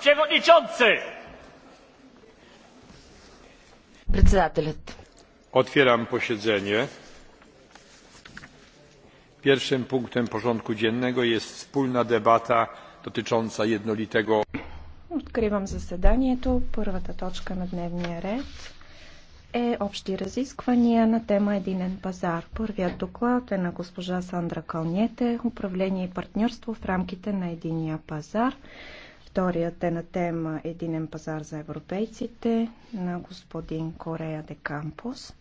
przewodniczący! Председателят. Otwieram posiedzenie. Pierwszym punktem porządku dziennego jest wspólna debata dotycząca jednolitego. Откривам заседанието. Първата точка на дневния ред е общи разисквания на тема Единен пазар. Първият доклад е на госпожа Сандра Кълнете, управление и партньорство в рамките на Единия пазар. Вторият е на тема Единен пазар за европейците на господин Корея де Кампус.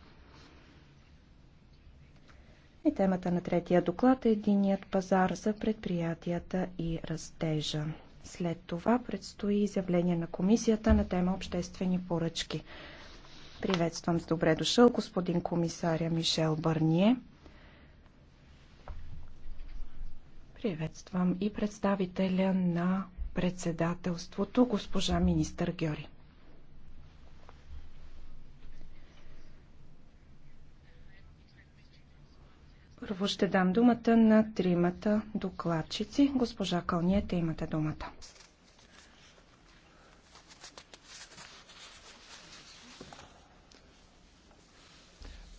И темата на третия доклад е Единият пазар за предприятията и растежа. След това предстои изявление на комисията на тема Обществени поръчки. Приветствам с добре дошъл господин комисаря Мишел Бърние. Приветствам и представителя на председателството госпожа министър Гьори. Първо ще дам думата на тримата докладчици. Госпожа Кълниете, имате думата.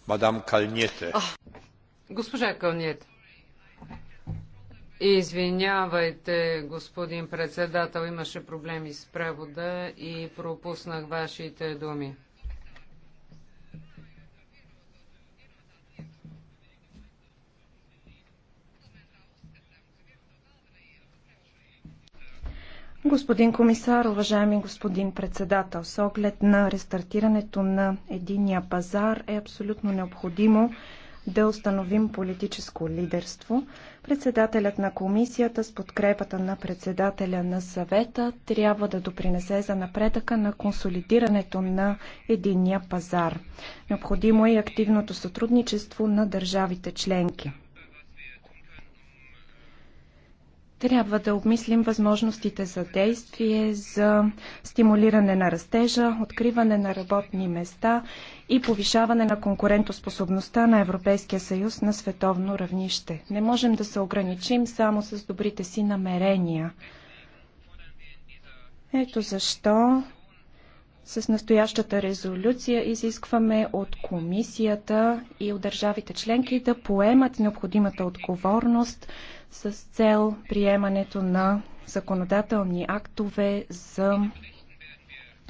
Мадам Калниете. госпожа Калниете. Извинявайте, господин председател, имаше проблеми с превода и пропуснах вашите думи. Господин комисар, уважаеми господин председател, с оглед на рестартирането на единия пазар е абсолютно необходимо да установим политическо лидерство. Председателят на комисията с подкрепата на председателя на съвета трябва да допринесе за напредъка на консолидирането на единия пазар. Необходимо е и активното сътрудничество на държавите членки. Трябва да обмислим възможностите за действие, за стимулиране на растежа, откриване на работни места и повишаване на конкурентоспособността на Европейския съюз на световно равнище. Не можем да се ограничим само с добрите си намерения. Ето защо с настоящата резолюция изискваме от комисията и от държавите членки да поемат необходимата отговорност с цел приемането на законодателни актове за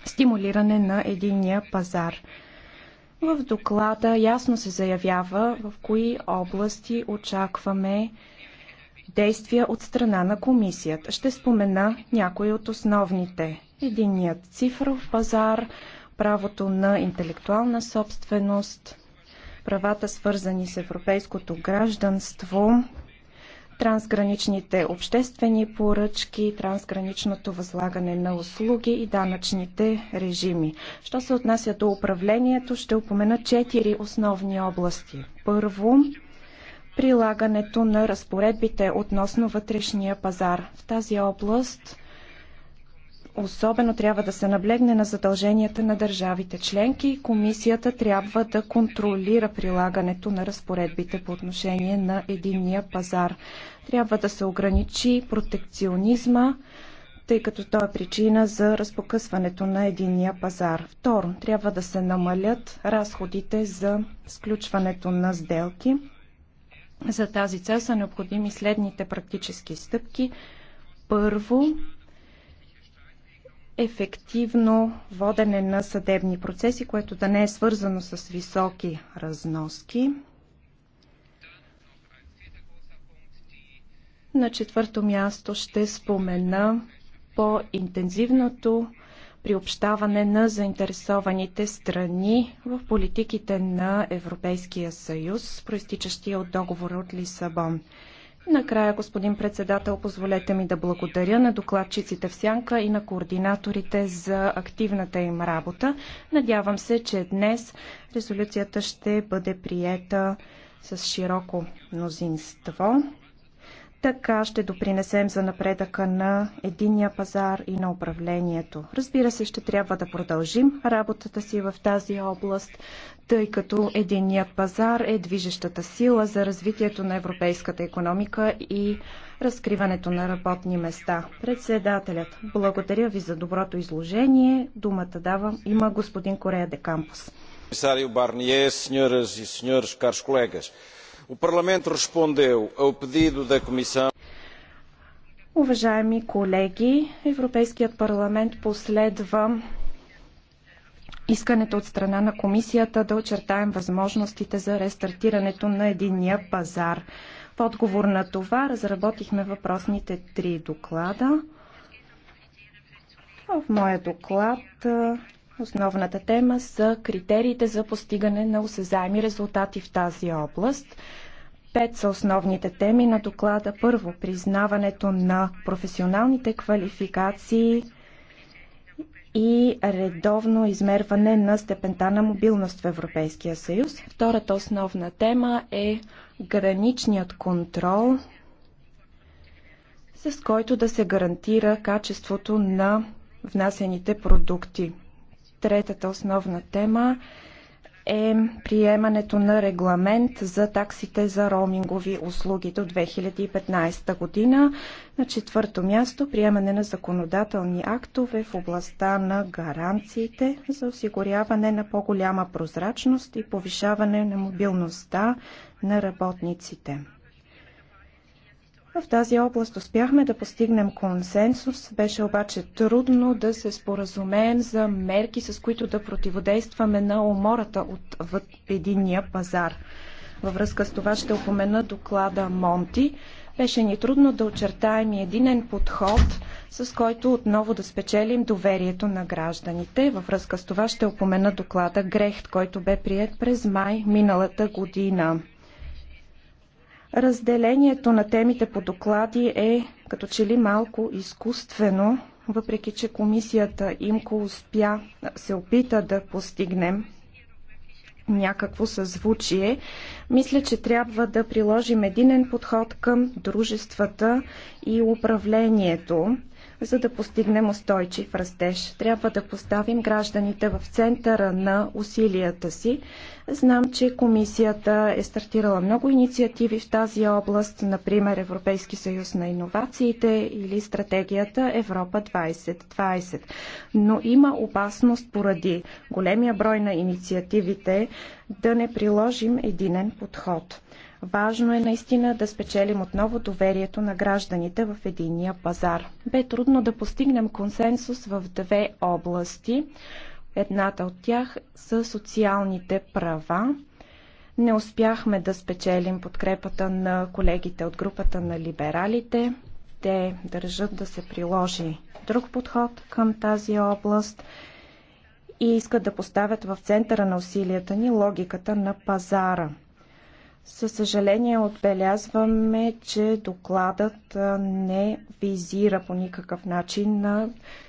стимулиране на единния пазар. В доклада ясно се заявява в кои области очакваме действия от страна на комисията. Ще спомена някои от основните Единият цифров пазар, правото на интелектуална собственост, правата свързани с европейското гражданство, трансграничните обществени поръчки, трансграничното възлагане на услуги и данъчните режими. Що се отнася до управлението, ще упомена четири основни области. Първо, прилагането на разпоредбите относно вътрешния пазар. В тази област Особено трябва да се наблегне на задълженията на държавите членки. и Комисията трябва да контролира прилагането на разпоредбите по отношение на единния пазар. Трябва да се ограничи протекционизма, тъй като той е причина за разпокъсването на единния пазар. Второ, трябва да се намалят разходите за сключването на сделки. За тази цел са необходими следните практически стъпки. Първо, ефективно водене на съдебни процеси, което да не е свързано с високи разноски. На четвърто място ще спомена по-интензивното приобщаване на заинтересованите страни в политиките на Европейския съюз, проистичащия от договора от Лисабон. Накрая, господин председател, позволете ми да благодаря на докладчиците в Сянка и на координаторите за активната им работа. Надявам се, че днес резолюцията ще бъде приета с широко мнозинство. Така ще допринесем за напредъка на единия пазар и на управлението. Разбира се, ще трябва да продължим работата си в тази област, тъй като единият пазар е движещата сила за развитието на европейската економика и разкриването на работни места. Председателят, благодаря ви за доброто изложение. Думата давам има господин Корея де Кампус. Комисарио Барние, сеньорес и сеньорес, карш колегас. O Parlamento respondeu ao pedido da Comissão. Уважаеми колеги, Европейският парламент последва искането от страна на комисията да очертаем възможностите за рестартирането на единия пазар. В отговор на това разработихме въпросните три доклада. В моя доклад Основната тема са критериите за постигане на осезаеми резултати в тази област. Пет са основните теми на доклада. Първо, признаването на професионалните квалификации и редовно измерване на степента на мобилност в Европейския съюз. Втората основна тема е граничният контрол, с който да се гарантира качеството на внасените продукти. Третата основна тема е приемането на регламент за таксите за роумингови услуги до 2015 година. На четвърто място приемане на законодателни актове в областта на гаранциите за осигуряване на по-голяма прозрачност и повишаване на мобилността на работниците. В тази област успяхме да постигнем консенсус, беше обаче трудно да се споразумеем за мерки, с които да противодействаме на умората от единния пазар. Във връзка с това ще упомена доклада Монти. Беше ни трудно да очертаем и единен подход, с който отново да спечелим доверието на гражданите. Във връзка с това ще упомена доклада Грехт, който бе прият през май миналата година. Разделението на темите по доклади е като че ли малко изкуствено, въпреки че комисията имко успя, се опита да постигнем някакво съзвучие. Мисля, че трябва да приложим единен подход към дружествата и управлението за да постигнем устойчив растеж. Трябва да поставим гражданите в центъра на усилията си. Знам, че комисията е стартирала много инициативи в тази област, например Европейски съюз на иновациите или стратегията Европа 2020. Но има опасност поради големия брой на инициативите да не приложим единен подход. Важно е наистина да спечелим отново доверието на гражданите в единия пазар. Бе трудно да постигнем консенсус в две области. Едната от тях са социалните права. Не успяхме да спечелим подкрепата на колегите от групата на либералите. Те държат да се приложи друг подход към тази област и искат да поставят в центъра на усилията ни логиката на пазара – със съжаление отбелязваме, че докладът не визира по никакъв начин на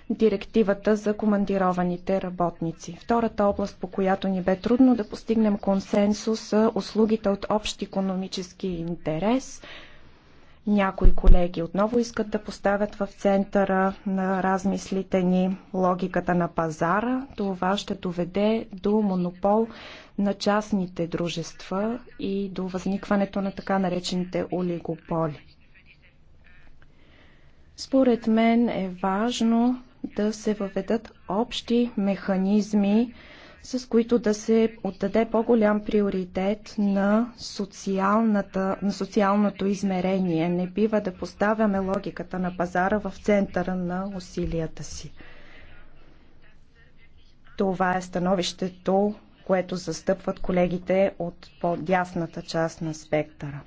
директивата за командированите работници. Втората област, по която ни бе трудно да постигнем консенсус, са услугите от общ економически интерес. Някои колеги отново искат да поставят в центъра на размислите ни логиката на пазара. Това ще доведе до монопол на частните дружества и до възникването на така наречените олигополи. Според мен е важно да се въведат общи механизми, с които да се отдаде по-голям приоритет на, социалната, на социалното измерение. Не бива да поставяме логиката на пазара в центъра на усилията си. Това е становището което застъпват колегите от по-дясната част на спектъра.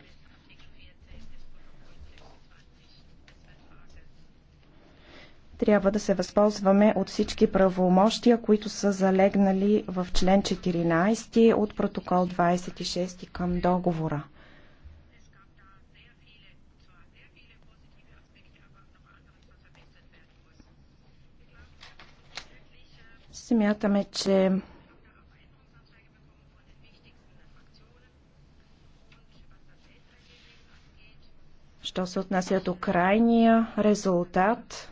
трябва да се възползваме от всички правомощия, които са залегнали в член 14 от протокол 26 към договора. Смятаме, че Що се отнася до крайния резултат,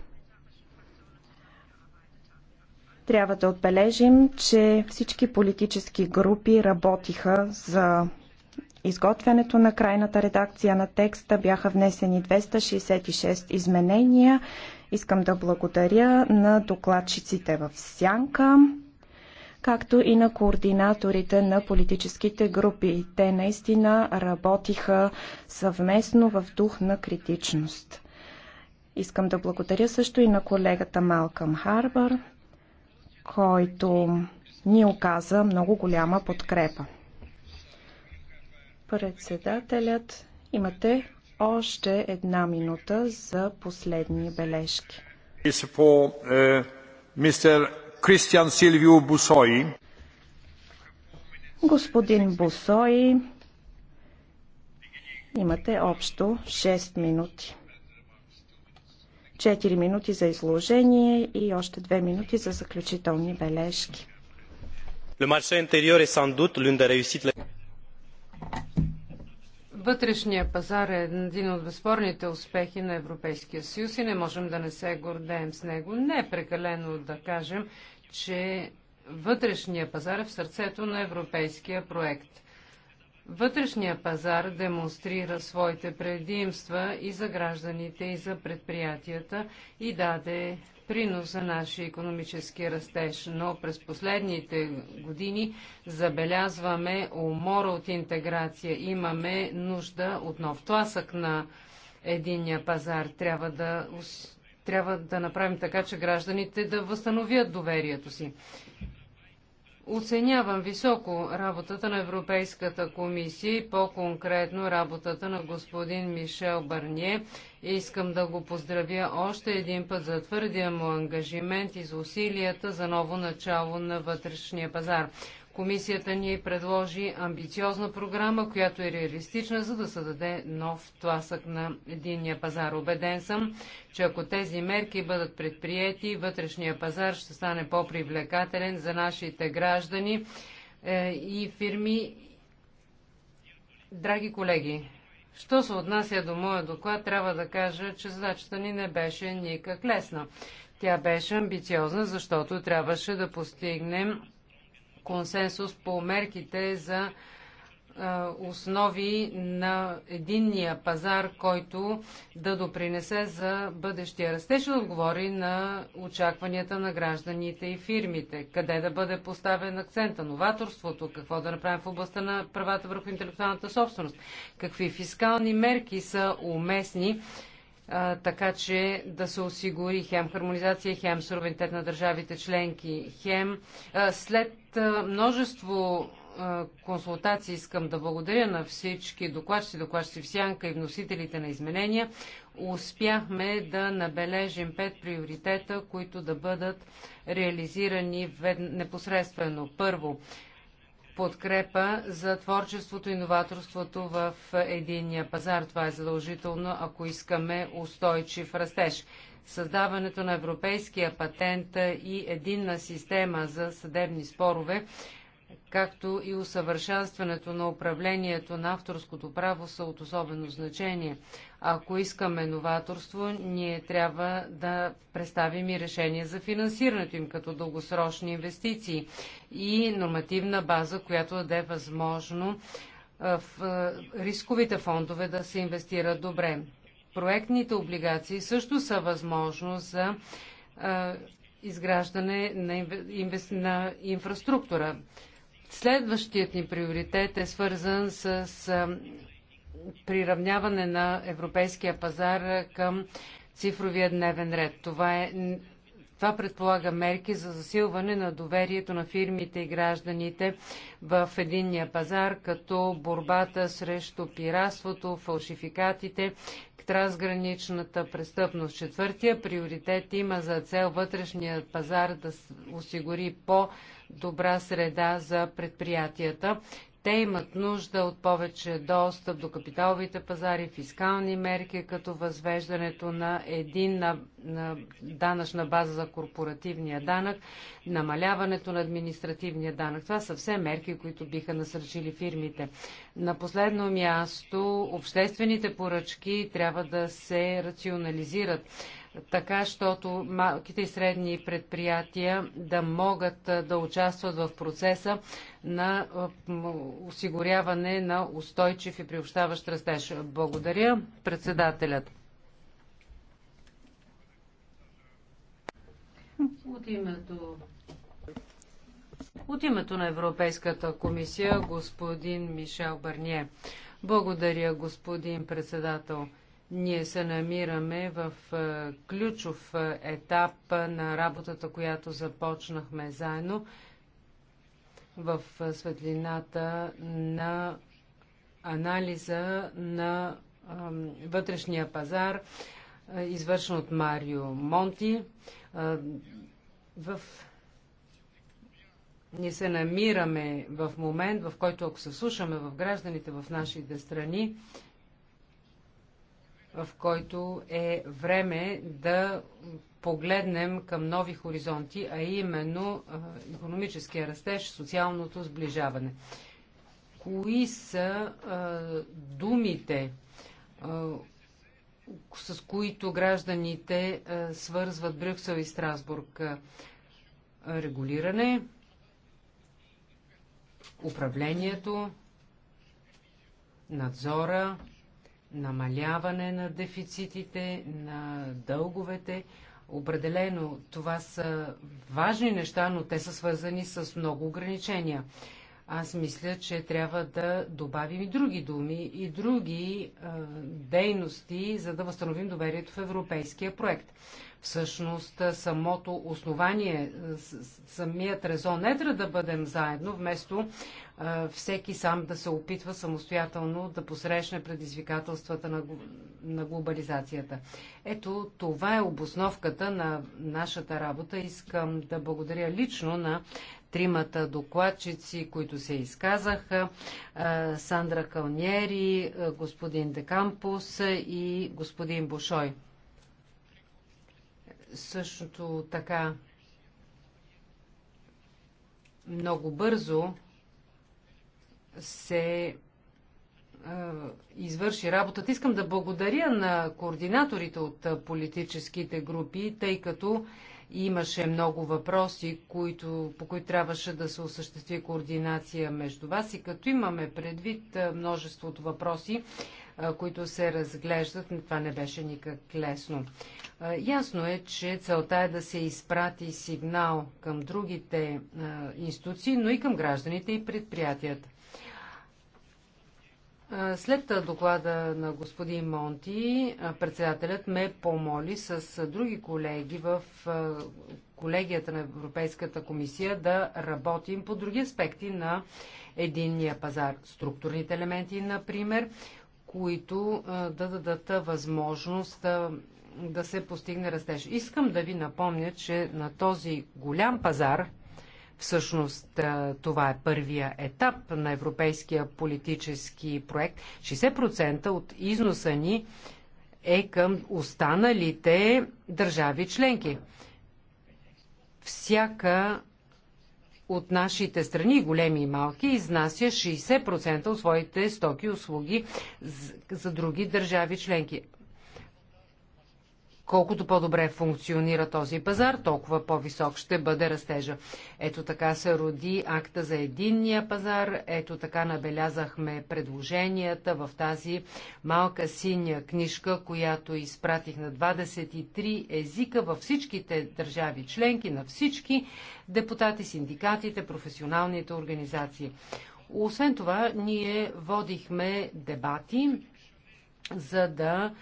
трябва да отбележим, че всички политически групи работиха за изготвянето на крайната редакция на текста. Бяха внесени 266 изменения. Искам да благодаря на докладчиците в Сянка както и на координаторите на политическите групи. Те наистина работиха съвместно в дух на критичност. Искам да благодаря също и на колегата Малкам Харбър, който ни оказа много голяма подкрепа. Председателят, имате още една минута за последни бележки. мистер Кристиан Силвио Бусои. Господин Бусои, имате общо 6 минути. 4 минути за изложение и още 2 минути за заключителни бележки. Le marché intérieur est sans doute l'une des réussites Вътрешния пазар е един от безспорните успехи на Европейския съюз и не можем да не се гордеем с него. Не е прекалено да кажем, че вътрешния пазар е в сърцето на европейския проект. Вътрешния пазар демонстрира своите предимства и за гражданите, и за предприятията и даде принос за нашия економически растеж, но през последните години забелязваме умора от интеграция. Имаме нужда от нов тласък на единния пазар. Трябва да, трябва да направим така, че гражданите да възстановят доверието си. Оценявам високо работата на Европейската комисия и по-конкретно работата на господин Мишел Барние. Искам да го поздравя още един път за твърдия му ангажимент и за усилията за ново начало на вътрешния пазар. Комисията ни предложи амбициозна програма, която е реалистична, за да създаде нов тласък на единния пазар. Обеден съм, че ако тези мерки бъдат предприяти, вътрешния пазар ще стане по-привлекателен за нашите граждани е, и фирми. Драги колеги, Що се отнася до моя доклад, трябва да кажа, че задачата ни не беше никак лесна. Тя беше амбициозна, защото трябваше да постигнем консенсус по мерките за основи на единния пазар, който да допринесе за бъдещия растеж и отговори на очакванията на гражданите и фирмите. Къде да бъде поставен акцент? Новаторството, какво да направим в областта на правата върху интелектуалната собственост, какви фискални мерки са уместни така че да се осигури хем хармонизация, хем суверенитет на държавите членки, хем. След множество консултации искам да благодаря на всички докладчици, докладчици в Сянка и вносителите на изменения. Успяхме да набележим пет приоритета, които да бъдат реализирани непосредствено. Първо, подкрепа за творчеството и новаторството в единния пазар. Това е задължително, ако искаме устойчив растеж. Създаването на европейския патент и единна система за съдебни спорове както и усъвършенстването на управлението на авторското право са от особено значение. Ако искаме новаторство, ние трябва да представим и решение за финансирането им като дългосрочни инвестиции и нормативна база, която даде възможно в рисковите фондове да се инвестират добре. Проектните облигации също са възможно за изграждане на, на инфраструктура. Следващият ни приоритет е свързан с приравняване на европейския пазар към цифровия дневен ред. Това е това предполага мерки за засилване на доверието на фирмите и гражданите в единния пазар, като борбата срещу пиратството, фалшификатите, трансграничната престъпност. Четвъртия приоритет има за цел вътрешния пазар да осигури по-добра среда за предприятията, те имат нужда от повече достъп до капиталовите пазари, фискални мерки, като възвеждането на един на, на данъчна база за корпоративния данък, намаляването на административния данък. Това са все мерки, които биха насърчили фирмите. На последно място, обществените поръчки трябва да се рационализират така, щото малките и средни предприятия да могат да участват в процеса на осигуряване на устойчив и приобщаващ растеж. Благодаря, председателят. От името от името на Европейската комисия господин Мишел Барние. Благодаря, господин председател. Ние се намираме в е, ключов е, етап е, на работата, която започнахме заедно в светлината на анализа на вътрешния пазар, извършен от Марио Монти. В... Ние се намираме в момент, в който ако се слушаме в гражданите в нашите страни, в който е време да погледнем към нови хоризонти, а именно економическия растеж, социалното сближаване. Кои са а, думите, а, с които гражданите а, свързват Брюксел и Страсбург? А, регулиране, управлението, надзора, намаляване на дефицитите, на дълговете. Определено това са важни неща, но те са свързани с много ограничения. Аз мисля, че трябва да добавим и други думи и други е, дейности, за да възстановим доверието в европейския проект. Всъщност, самото основание, самият резон е да бъдем заедно, вместо всеки сам да се опитва самостоятелно да посрещне предизвикателствата на, на глобализацията. Ето, това е обосновката на нашата работа. Искам да благодаря лично на тримата докладчици, които се изказаха, Сандра Калниери, господин Декампус и господин Бошой. Същото така много бързо се извърши работата. Искам да благодаря на координаторите от политическите групи, тъй като имаше много въпроси, които, по които трябваше да се осъществи координация между вас и като имаме предвид множеството въпроси, които се разглеждат. Това не беше никак лесно. Ясно е, че целта е да се изпрати сигнал към другите институции, но и към гражданите и предприятията. След доклада на господин Монти, председателят ме помоли с други колеги в колегията на Европейската комисия да работим по други аспекти на единния пазар. Структурните елементи, например, които да дадат възможност да, да се постигне растеж. Искам да ви напомня, че на този голям пазар, всъщност това е първия етап на европейския политически проект, 60% от износа ни е към останалите държави членки. Всяка от нашите страни, големи и малки, изнася 60% от своите стоки и услуги за други държави членки. Колкото по-добре функционира този пазар, толкова по-висок ще бъде растежа. Ето така се роди акта за единния пазар, ето така набелязахме предложенията в тази малка синя книжка, която изпратих на 23 езика във всичките държави членки, на всички депутати, синдикатите, професионалните организации. Освен това, ние водихме дебати, за да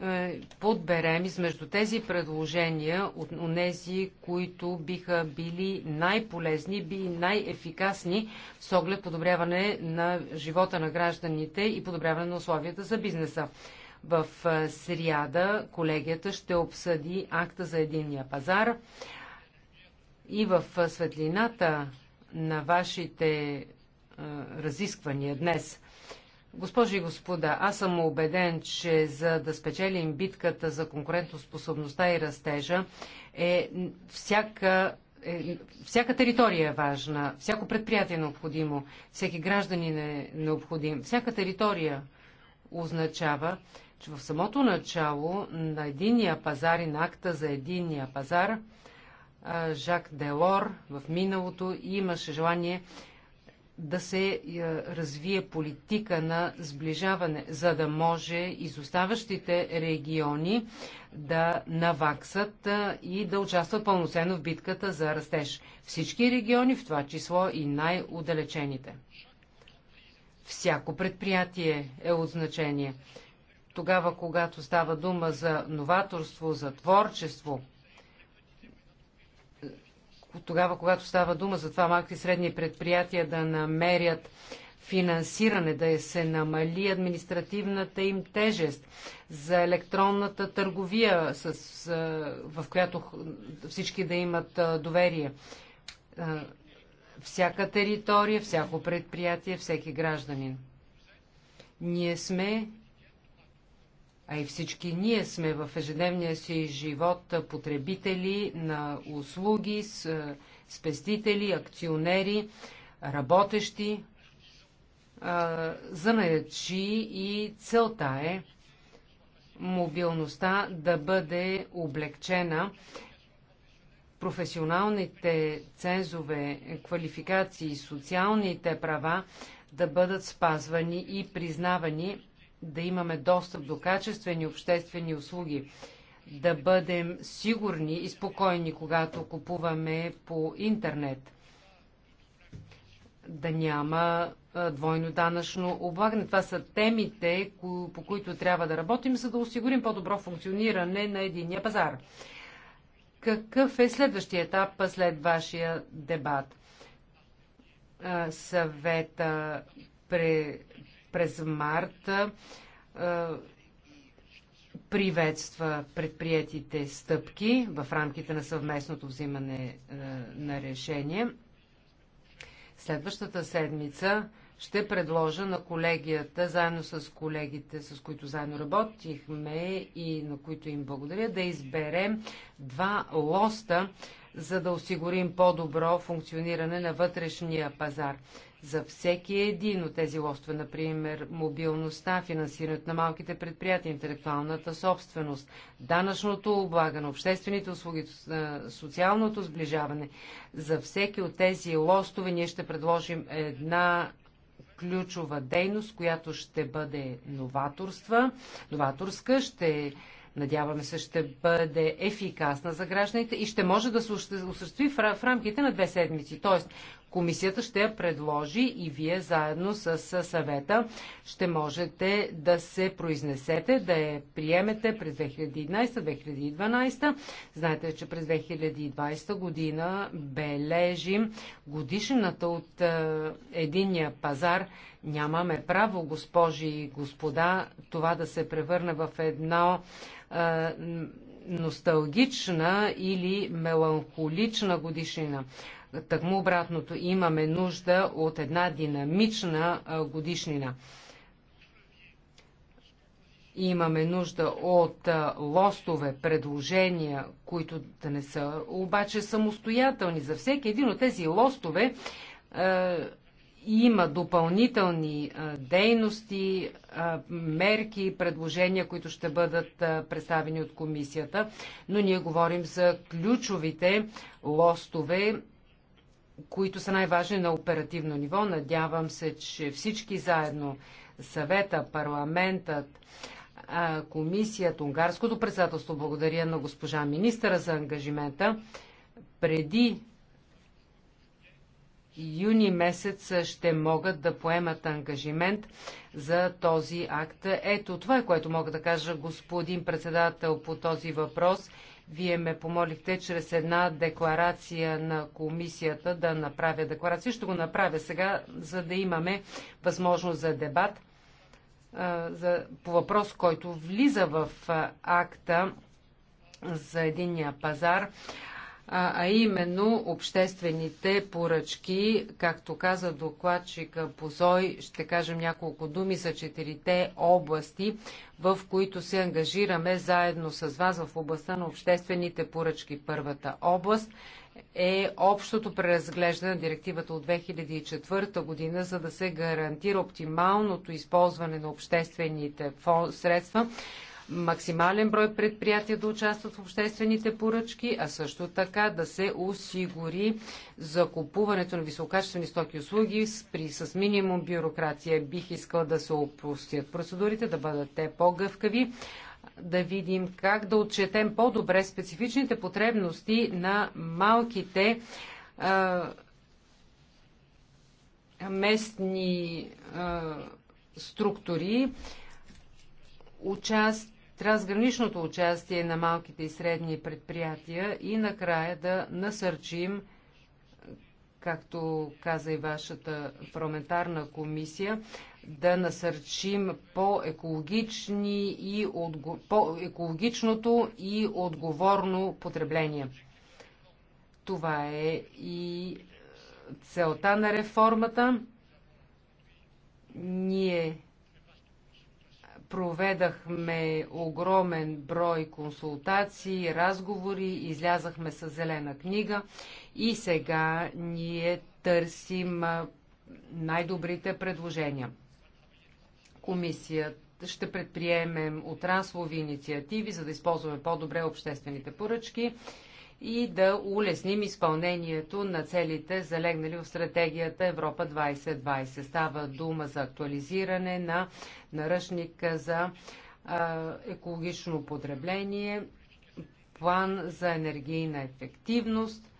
е, подберем измежду тези предложения от тези, които биха били най-полезни, би най-ефикасни с оглед подобряване на живота на гражданите и подобряване на условията за бизнеса. В е, сряда колегията ще обсъди акта за единния пазар и в е, светлината на вашите разисквания днес – Госпожи и господа, аз съм убеден, че за да спечелим битката за конкурентоспособността и растежа, е всяка, е, всяка територия е важна, всяко предприятие е необходимо, всеки гражданин е необходим, всяка територия означава, че в самото начало на единия пазар и на акта за единия пазар Жак Делор в миналото имаше желание да се е, развие политика на сближаване, за да може изоставащите региони да наваксат е, и да участват пълноценно в битката за растеж. Всички региони, в това число и най-удалечените. Всяко предприятие е от значение. Тогава, когато става дума за новаторство, за творчество, тогава, когато става дума за това малки и средни предприятия да намерят финансиране, да се намали административната им тежест, за електронната търговия, с, в която всички да имат доверие. Всяка територия, всяко предприятие, всеки гражданин. Ние сме а и всички ние сме в ежедневния си живот потребители на услуги, е, спестители, акционери, работещи, е, занаячи и целта е мобилността да бъде облегчена професионалните цензове, квалификации, социалните права да бъдат спазвани и признавани да имаме достъп до качествени обществени услуги, да бъдем сигурни и спокойни, когато купуваме по интернет, да няма двойно данъчно облагане. Това са темите, по които трябва да работим, за да осигурим по-добро функциониране на единия пазар. Какъв е следващия етап след вашия дебат? Съвета през март приветства предприятите стъпки в рамките на съвместното взимане на решение. Следващата седмица ще предложа на колегията, заедно с колегите, с които заедно работихме и на които им благодаря, да изберем два лоста, за да осигурим по-добро функциониране на вътрешния пазар за всеки един от тези лостове, например мобилността, финансирането на малките предприятия, интелектуалната собственост, данъчното облагане, обществените услуги, социалното сближаване. За всеки от тези лостове ние ще предложим една ключова дейност, която ще бъде новаторства, новаторска, ще надяваме се ще бъде ефикасна за гражданите и ще може да се осъществи в рамките на две седмици. Тоест, Комисията ще я предложи и вие заедно с съвета ще можете да се произнесете, да я приемете през 2011-2012. Знаете, че през 2020 година бележим годишната от е, единния пазар. Нямаме право, госпожи и господа, това да се превърне в едно е, носталгична или меланхолична годишнина. Такмо обратното, имаме нужда от една динамична годишнина. Имаме нужда от лостове, предложения, които да не са обаче самостоятелни. За всеки един от тези лостове има допълнителни дейности, мерки, предложения, които ще бъдат представени от комисията, но ние говорим за ключовите лостове които са най-важни на оперативно ниво. Надявам се, че всички заедно, съвета, парламентът, комисията, унгарското председателство, благодаря на госпожа министра за ангажимента, преди юни месец ще могат да поемат ангажимент за този акт. Ето това е което мога да кажа господин председател по този въпрос. Вие ме помолихте чрез една декларация на комисията да направя декларация. Ще го направя сега, за да имаме възможност за дебат за, по въпрос, който влиза в акта за единния пазар а, а именно обществените поръчки. Както каза докладчика Позой, ще кажем няколко думи за четирите области, в които се ангажираме заедно с вас в областта на обществените поръчки. Първата област е общото преразглеждане на директивата от 2004 година, за да се гарантира оптималното използване на обществените средства максимален брой предприятия да участват в обществените поръчки, а също така да се осигури закупуването на висококачествени стоки и услуги с, при, с минимум бюрокрация. Бих искала да се опростят процедурите, да бъдат те по-гъвкави, да видим как да отчетем по-добре специфичните потребности на малките а, местни а, структури, участ, трансграничното участие на малките и средни предприятия и накрая да насърчим, както каза и вашата парламентарна комисия, да насърчим по-екологични и отго... по-екологичното и отговорно потребление. Това е и целта на реформата. Ние Проведахме огромен брой консултации, разговори, излязахме с зелена книга и сега ние търсим най-добрите предложения. Комисията ще предприемем отраслови инициативи, за да използваме по-добре обществените поръчки и да улесним изпълнението на целите, залегнали в стратегията Европа 2020. Става дума за актуализиране на наръчника за екологично потребление, план за енергийна ефективност.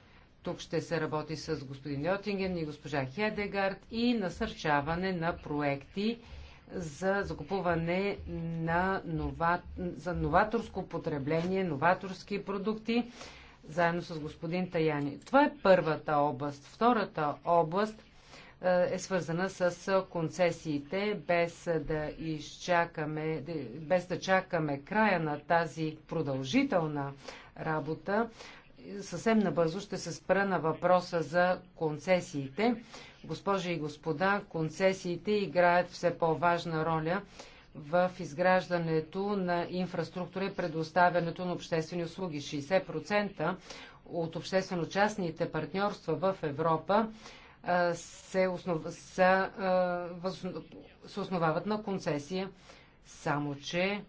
Тук ще се работи с господин Йотинген и госпожа Хедегард и насърчаване на проекти за закупуване на нова... за новаторско потребление, новаторски продукти заедно с господин Таяни. Това е първата област. Втората област е, е свързана с е, концесиите, без да изчакаме, без да чакаме края на тази продължителна работа. Съвсем набързо ще се спра на въпроса за концесиите. Госпожи и господа, концесиите играят все по-важна роля в изграждането на инфраструктура и предоставянето на обществени услуги. 60% от обществено-частните партньорства в Европа се, основ... са, се основават на концесия, само че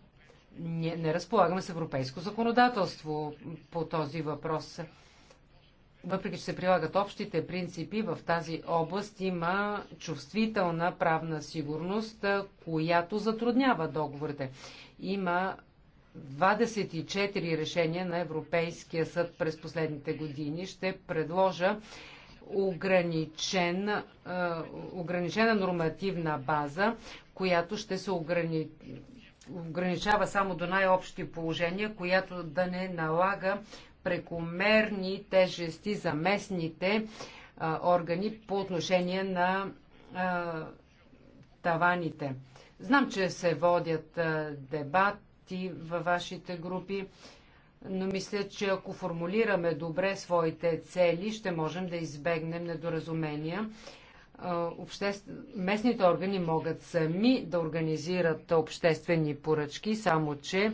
не, не разполагаме с европейско законодателство по този въпрос въпреки че се прилагат общите принципи, в тази област има чувствителна правна сигурност, която затруднява договорите. Има 24 решения на Европейския съд през последните години. Ще предложа ограничен, е, ограничена нормативна база, която ще се ограни... ограничава само до най-общи положения, която да не налага прекомерни тежести за местните а, органи по отношение на а, таваните. Знам, че се водят а, дебати във вашите групи, но мисля, че ако формулираме добре своите цели, ще можем да избегнем недоразумения. Обществ... Местните органи могат сами да организират обществени поръчки, само че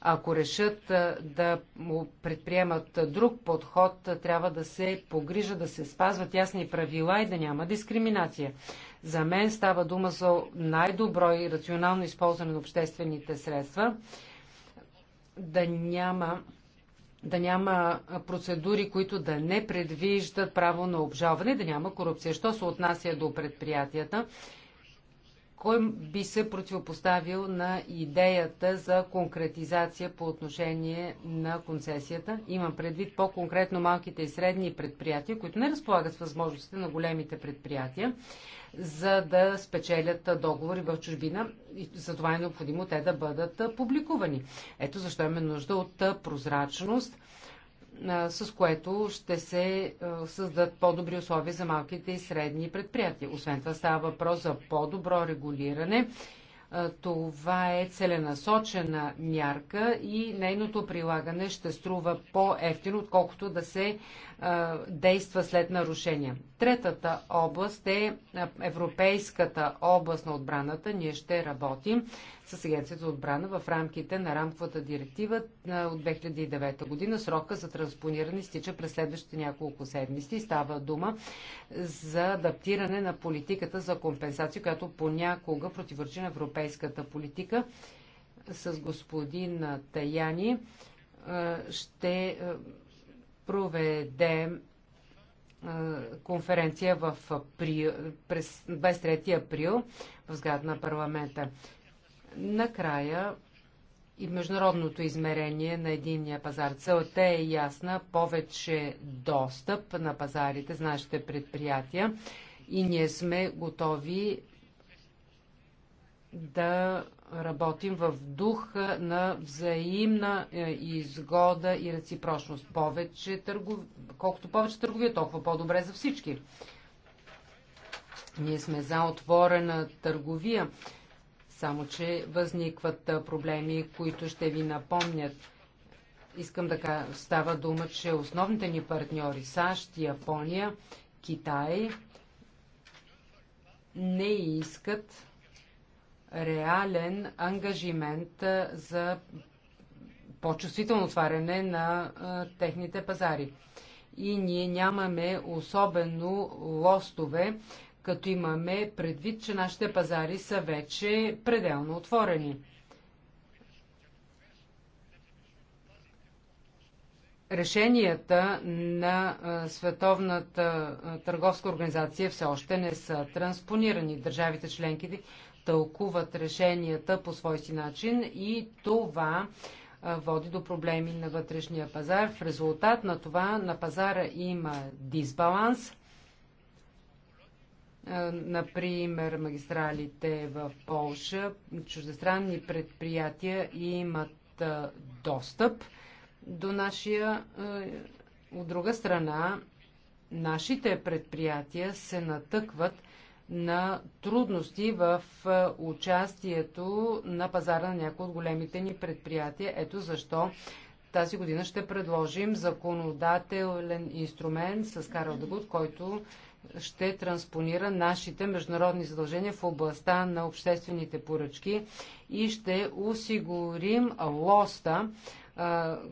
ако решат да предприемат друг подход, трябва да се погрижа да се спазват ясни правила и да няма дискриминация. За мен става дума за най-добро и рационално използване на обществените средства, да няма да няма процедури, които да не предвиждат право на обжалване, да няма корупция. Що се отнася до предприятията, кой би се противопоставил на идеята за конкретизация по отношение на концесията? Имам предвид по-конкретно малките и средни предприятия, които не разполагат с възможностите на големите предприятия, за да спечелят договори в чужбина. И за това е необходимо те да бъдат публикувани. Ето защо имаме нужда от прозрачност с което ще се създадат по-добри условия за малките и средни предприятия. Освен това става въпрос за по-добро регулиране. Това е целенасочена мярка и нейното прилагане ще струва по-ефтино, отколкото да се действа след нарушения. Третата област е Европейската област на отбраната. Ние ще работим с Агенцията за отбрана в рамките на рамковата директива от 2009 година. Срока за транспониране стича през следващите няколко седмици. Става дума за адаптиране на политиката за компенсация, която понякога противоречи на европейската политика с господин Таяни. Ще проведе конференция в април, през 23 април в сград на парламента. Накрая и международното измерение на единния пазар. Целта е ясна повече достъп на пазарите с нашите предприятия и ние сме готови да работим в дух на взаимна изгода и реципрочност. Повече търгов... Колкото повече търговия, толкова по-добре за всички. Ние сме за отворена търговия, само че възникват проблеми, които ще ви напомнят. Искам да кажа, става дума, че основните ни партньори САЩ, Япония, Китай не искат реален ангажимент за по-чувствително отваряне на техните пазари. И ние нямаме особено лостове, като имаме предвид, че нашите пазари са вече пределно отворени. Решенията на Световната търговска организация все още не са транспонирани. Държавите членките тълкуват решенията по свой си начин и това води до проблеми на вътрешния пазар. В резултат на това на пазара има дисбаланс. Например, магистралите в Полша, чуждестранни предприятия имат достъп до нашия. От друга страна, нашите предприятия се натъкват на трудности в е, участието на пазара на някои от големите ни предприятия. Ето защо тази година ще предложим законодателен инструмент с Карл Дагут, който ще транспонира нашите международни задължения в областта на обществените поръчки и ще осигурим лоста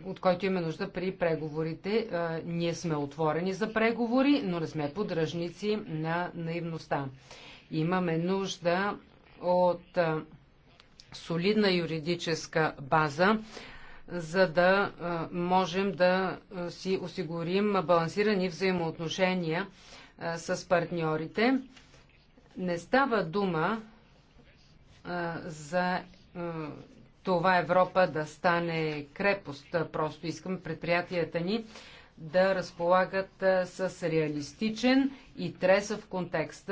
от който има нужда при преговорите. Ние сме отворени за преговори, но не сме поддръжници на наивността. Имаме нужда от солидна юридическа база, за да можем да си осигурим балансирани взаимоотношения с партньорите. Не става дума за това Европа да стане крепост. Просто искам предприятията ни да разполагат с реалистичен и тресъв контекст.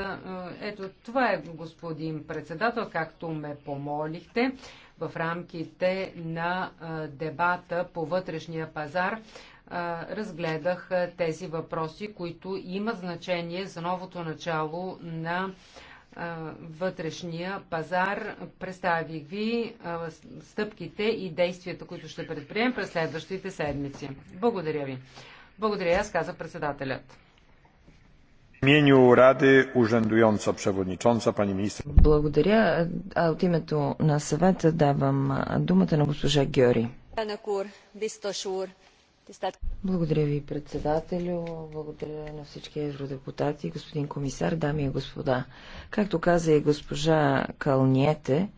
Ето това е, господин председател, както ме помолихте в рамките на дебата по вътрешния пазар. Разгледах тези въпроси, които имат значение за новото начало на вътрешния пазар. Представих ви стъпките и действията, които ще предприем през следващите седмици. Благодаря ви. Благодаря, аз каза председателят. Благодаря. А от името на съвета давам думата на госпожа Георги. Благодаря ви, председателю. Благодаря на всички евродепутати, господин комисар, дами и господа. Както каза и госпожа Калниете,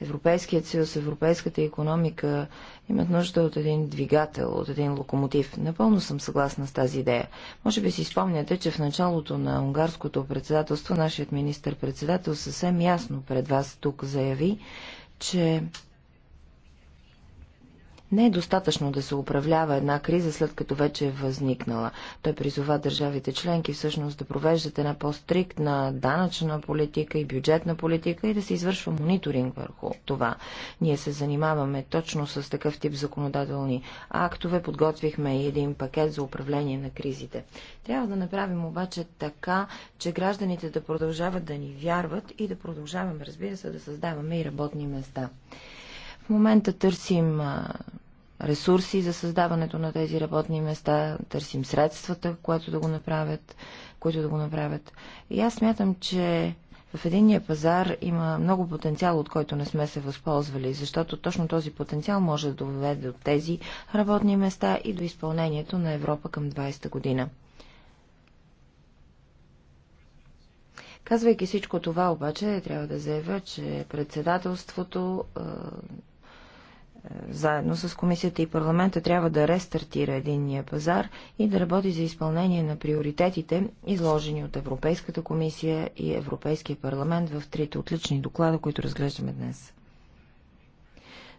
Европейският съюз, европейската економика имат нужда от един двигател, от един локомотив. Напълно съм съгласна с тази идея. Може би си спомняте, че в началото на унгарското председателство нашият министр-председател съвсем ясно пред вас тук заяви, че не е достатъчно да се управлява една криза, след като вече е възникнала. Той призова държавите членки всъщност да провеждат една по-стриктна данъчна политика и бюджетна политика и да се извършва мониторинг върху това. Ние се занимаваме точно с такъв тип законодателни актове, подготвихме и един пакет за управление на кризите. Трябва да направим обаче така, че гражданите да продължават да ни вярват и да продължаваме, разбира се, да създаваме и работни места. В момента търсим ресурси за създаването на тези работни места, търсим средствата, които да го направят, които да го направят. И аз смятам, че в единния пазар има много потенциал, от който не сме се възползвали, защото точно този потенциал може да доведе до тези работни места и до изпълнението на Европа към 20-та година. Казвайки всичко това, обаче, трябва да заявя, че председателството заедно с комисията и парламента трябва да рестартира единния пазар и да работи за изпълнение на приоритетите, изложени от Европейската комисия и Европейския парламент в трите отлични доклада, които разглеждаме днес.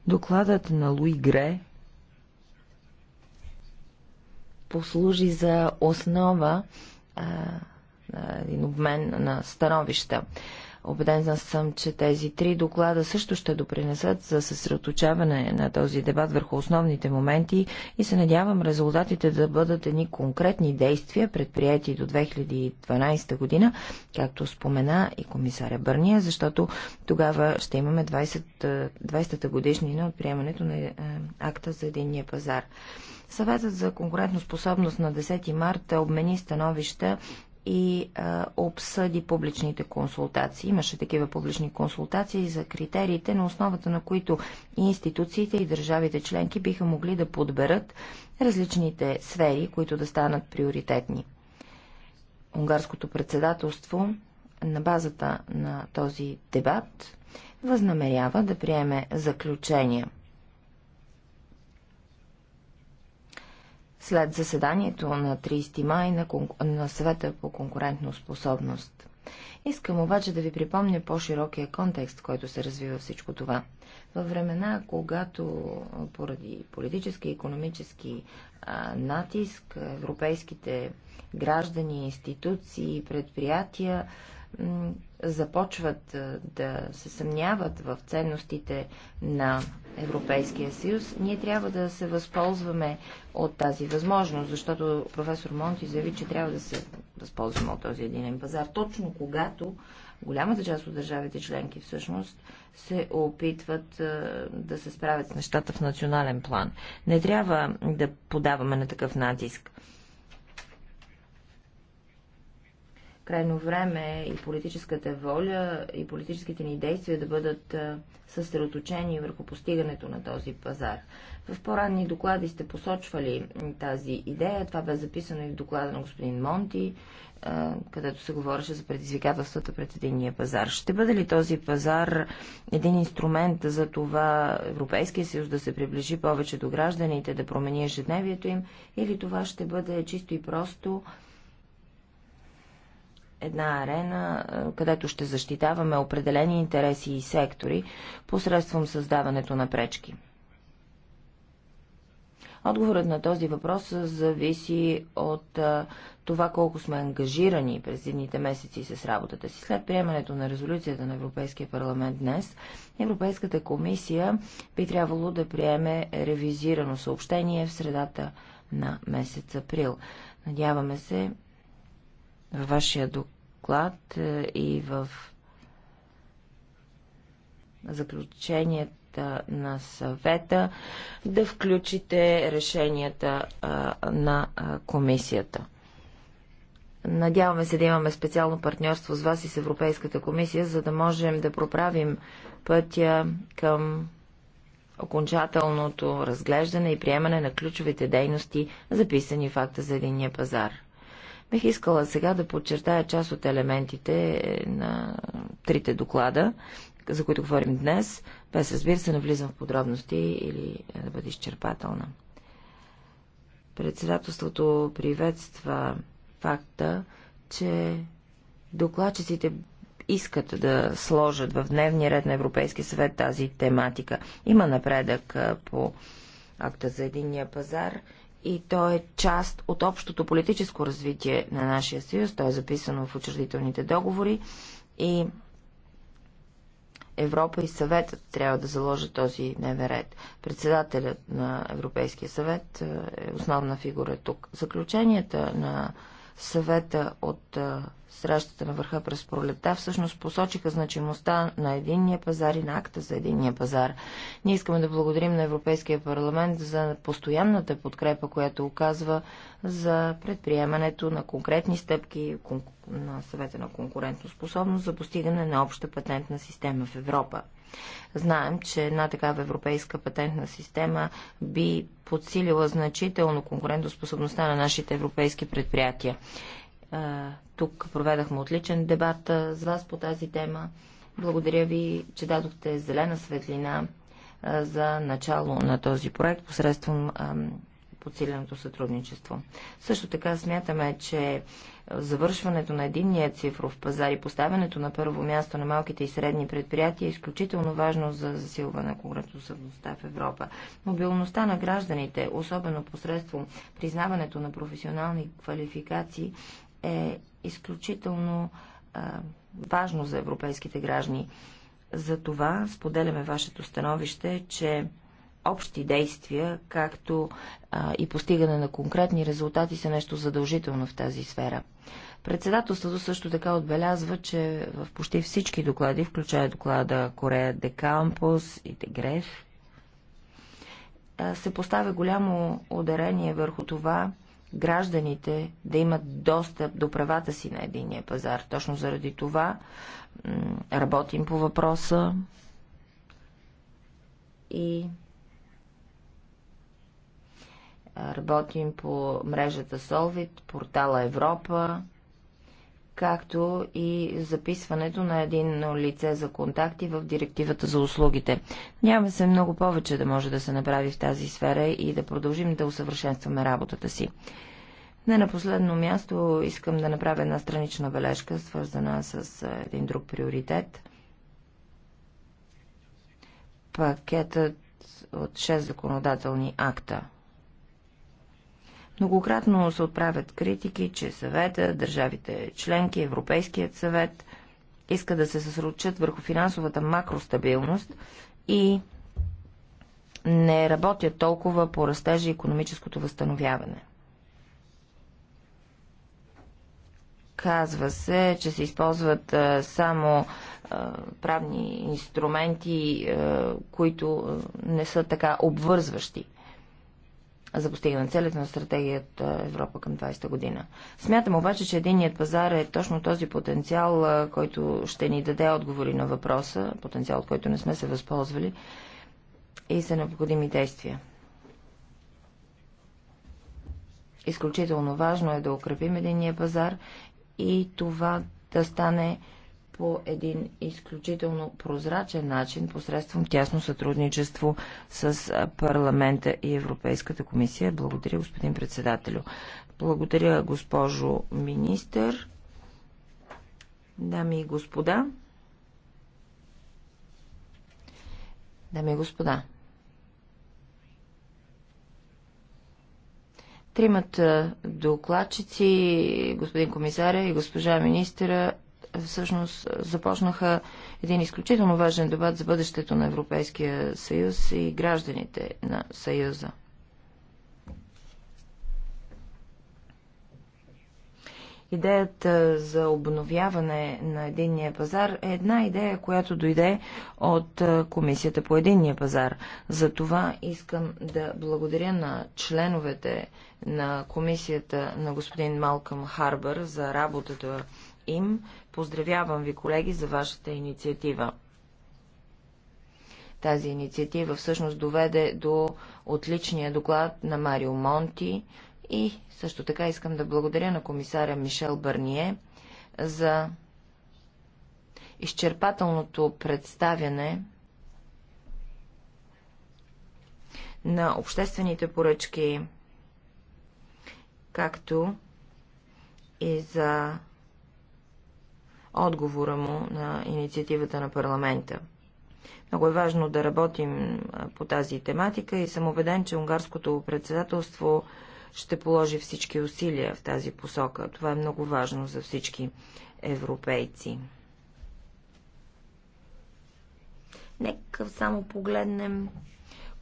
Докладът на Луи Гре послужи за основа а, един обмен на становища. Обеден съм, че тези три доклада също ще допринесат за съсредоточаване на този дебат върху основните моменти и се надявам резултатите да бъдат едни конкретни действия, предприяти до 2012 година, както спомена и комисаря Бърния, защото тогава ще имаме 20-та 20 годишнина от приемането на е, акта за единния пазар. Съветът за конкурентоспособност на 10 марта обмени становища и а, обсъди публичните консултации. Имаше такива публични консултации за критериите, на основата на които и институциите и държавите членки биха могли да подберат различните сфери, които да станат приоритетни. Унгарското председателство на базата на този дебат възнамерява да приеме заключения – след заседанието на 30 май на, кон... на съвета по конкурентно способност. Искам обаче да ви припомня по-широкия контекст, който се развива всичко това. Във времена, когато поради политически и економически натиск европейските граждани, институции, предприятия започват да се съмняват в ценностите на Европейския съюз, ние трябва да се възползваме от тази възможност, защото професор Монти заяви, че трябва да се възползваме от този единен пазар, точно когато голямата част от държавите членки всъщност се опитват да се справят с нещата в национален план. Не трябва да подаваме на такъв натиск. Крайно време и политическата воля, и политическите ни действия да бъдат съсредоточени върху постигането на този пазар. В по-ранни доклади сте посочвали тази идея. Това бе записано и в доклада на господин Монти, където се говореше за предизвикателствата пред единния пазар. Ще бъде ли този пазар един инструмент за това Европейския съюз да се приближи повече до гражданите, да промени ежедневието им, или това ще бъде чисто и просто една арена, е, където ще защитаваме определени интереси и сектори посредством създаването на пречки. Отговорът на този въпрос зависи от е, това колко сме ангажирани през едните месеци с работата си. След приемането на резолюцията на Европейския парламент днес, Европейската комисия би трябвало да приеме ревизирано съобщение в средата на месец април. Надяваме се във вашия доклад е, и в заключенията на съвета да включите решенията на комисията. Надяваме се да имаме специално партньорство с вас и с Европейската комисия, за да можем да проправим пътя към окончателното разглеждане и приемане на ключовите дейности, записани в акта за единния пазар. Бих искала сега да подчертая част от елементите на трите доклада, за които говорим днес, без разбира се, навлизам в подробности или е, да бъда изчерпателна. Председателството приветства факта, че докладчиците искат да сложат в дневния ред на Европейския съвет тази тематика. Има напредък е, по акта за единния пазар и то е част от общото политическо развитие на нашия съюз. То е записано в учредителните договори и Европа и съветът трябва да заложат този дневен ред. Председателят на Европейския съвет е основна фигура е тук. Заключенията на съвета от е, срещата на върха през пролета, всъщност посочиха значимостта на единния пазар и на акта за единния пазар. Ние искаме да благодарим на Европейския парламент за постоянната подкрепа, която оказва за предприемането на конкретни стъпки на съвета на конкурентоспособност за постигане на обща патентна система в Европа. Знаем, че една такава европейска патентна система би подсилила значително конкурентоспособността на нашите европейски предприятия. Тук проведахме отличен дебат с вас по тази тема. Благодаря ви, че дадохте зелена светлина за начало на този проект посредством подсиленото сътрудничество. Също така смятаме, че завършването на единния цифров пазар и поставянето на първо място на малките и средни предприятия е изключително важно за засилване на конкурентоспособността в Европа. Мобилността на гражданите, особено посредством признаването на професионални квалификации, е изключително а, важно за европейските граждани. За това споделяме вашето становище, че общи действия, както а, и постигане на конкретни резултати са нещо задължително в тази сфера. Председателството също така отбелязва, че в почти всички доклади, включая доклада Корея де Кампус и де Греф, се поставя голямо ударение върху това гражданите да имат достъп до правата си на единия пазар. Точно заради това работим по въпроса и работим по мрежата Solvit, портала Европа, както и записването на един лице за контакти в директивата за услугите. Няма се много повече да може да се направи в тази сфера и да продължим да усъвършенстваме работата си. Не на последно място искам да направя една странична бележка, свързана с един друг приоритет. Пакетът от 6 законодателни акта – Многократно се отправят критики, че съвета, държавите членки, Европейският съвет иска да се съсредоточат върху финансовата макростабилност и не работят толкова по растежа и економическото възстановяване. Казва се, че се използват само правни инструменти, които не са така обвързващи за постигане на целите на стратегията Европа към 20-та година. Смятам обаче, че единният пазар е точно този потенциал, който ще ни даде отговори на въпроса, потенциал, от който не сме се възползвали и са необходими действия. Изключително важно е да укрепим единния пазар и това да стане по един изключително прозрачен начин, посредством тясно сътрудничество с парламента и Европейската комисия. Благодаря, господин председателю. Благодаря, госпожо министър. Дами и господа. Дами и господа. Тримата докладчици, господин комисаря и госпожа министъра, всъщност започнаха един изключително важен дебат за бъдещето на Европейския съюз и гражданите на съюза. Идеята за обновяване на единния пазар е една идея, която дойде от Комисията по единния пазар. За това искам да благодаря на членовете на Комисията на господин Малкъм Харбър за работата им. Поздравявам ви, колеги, за вашата инициатива. Тази инициатива всъщност доведе до отличния доклад на Марио Монти и също така искам да благодаря на комисаря Мишел Бърние за изчерпателното представяне на обществените поръчки, както и за отговора му на инициативата на парламента. Много е важно да работим по тази тематика и съм убеден, че унгарското председателство ще положи всички усилия в тази посока. Това е много важно за всички европейци. Нека само погледнем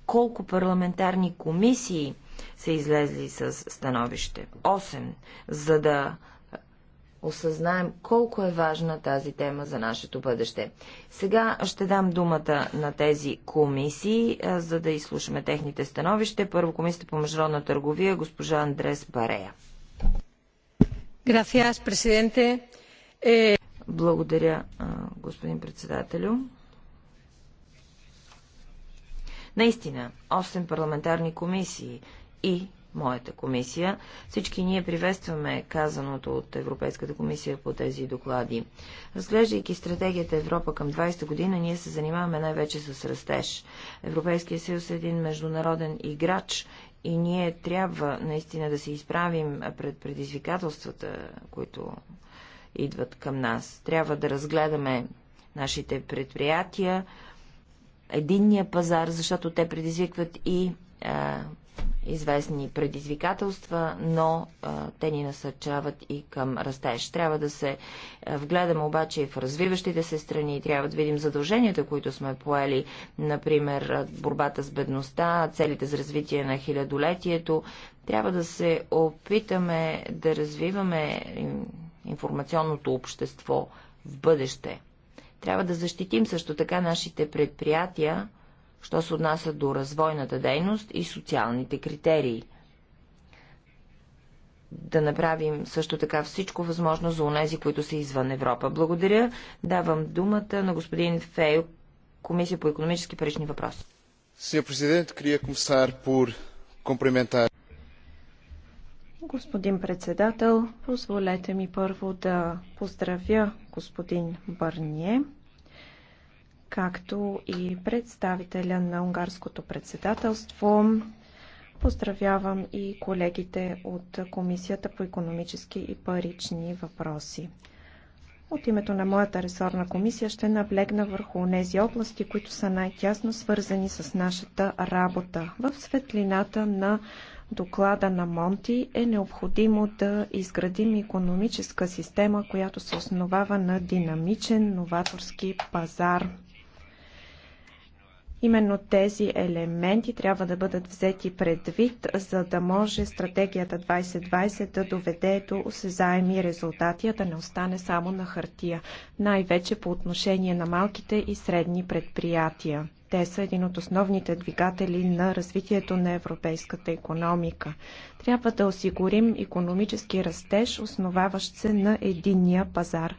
колко парламентарни комисии са излезли с становище. 8, за да осъзнаем колко е важна тази тема за нашето бъдеще. Сега ще дам думата на тези комисии, за да изслушаме техните становище. Първо комисията по международна търговия, госпожа Андрес Барея. Gracias, presidente. Е, Благодаря, господин председателю. Наистина, 8 парламентарни комисии и моята комисия. Всички ние приветстваме казаното от Европейската комисия по тези доклади. Разглеждайки стратегията Европа към 20 година, ние се занимаваме най-вече с растеж. Европейския съюз е един международен играч и ние трябва наистина да се изправим пред предизвикателствата, които идват към нас. Трябва да разгледаме нашите предприятия, единния пазар, защото те предизвикват и известни предизвикателства, но а, те ни насърчават и към растеж. Трябва да се вгледаме обаче и в развиващите се страни, трябва да видим задълженията, които сме поели, например борбата с бедността, целите за развитие на хилядолетието. Трябва да се опитаме да развиваме информационното общество в бъдеще. Трябва да защитим също така нашите предприятия, що се отнася до развойната дейност и социалните критерии. Да направим също така всичко възможно за унези, които са извън Европа. Благодаря. Давам думата на господин Фейл, Комисия по економически парични въпроси. Сеньор президент, Крия комисар por комплиментар. Господин председател, позволете ми първо да поздравя господин Барние както и представителя на унгарското председателство. Поздравявам и колегите от Комисията по економически и парични въпроси. От името на моята ресорна комисия ще наблегна върху тези области, които са най-тясно свързани с нашата работа. В светлината на доклада на Монти е необходимо да изградим економическа система, която се основава на динамичен новаторски пазар. Именно тези елементи трябва да бъдат взети предвид, за да може стратегията 2020 да доведе до осезаеми резултати, а да не остане само на хартия, най-вече по отношение на малките и средни предприятия. Те са един от основните двигатели на развитието на европейската економика. Трябва да осигурим економически растеж, основаващ се на единния пазар.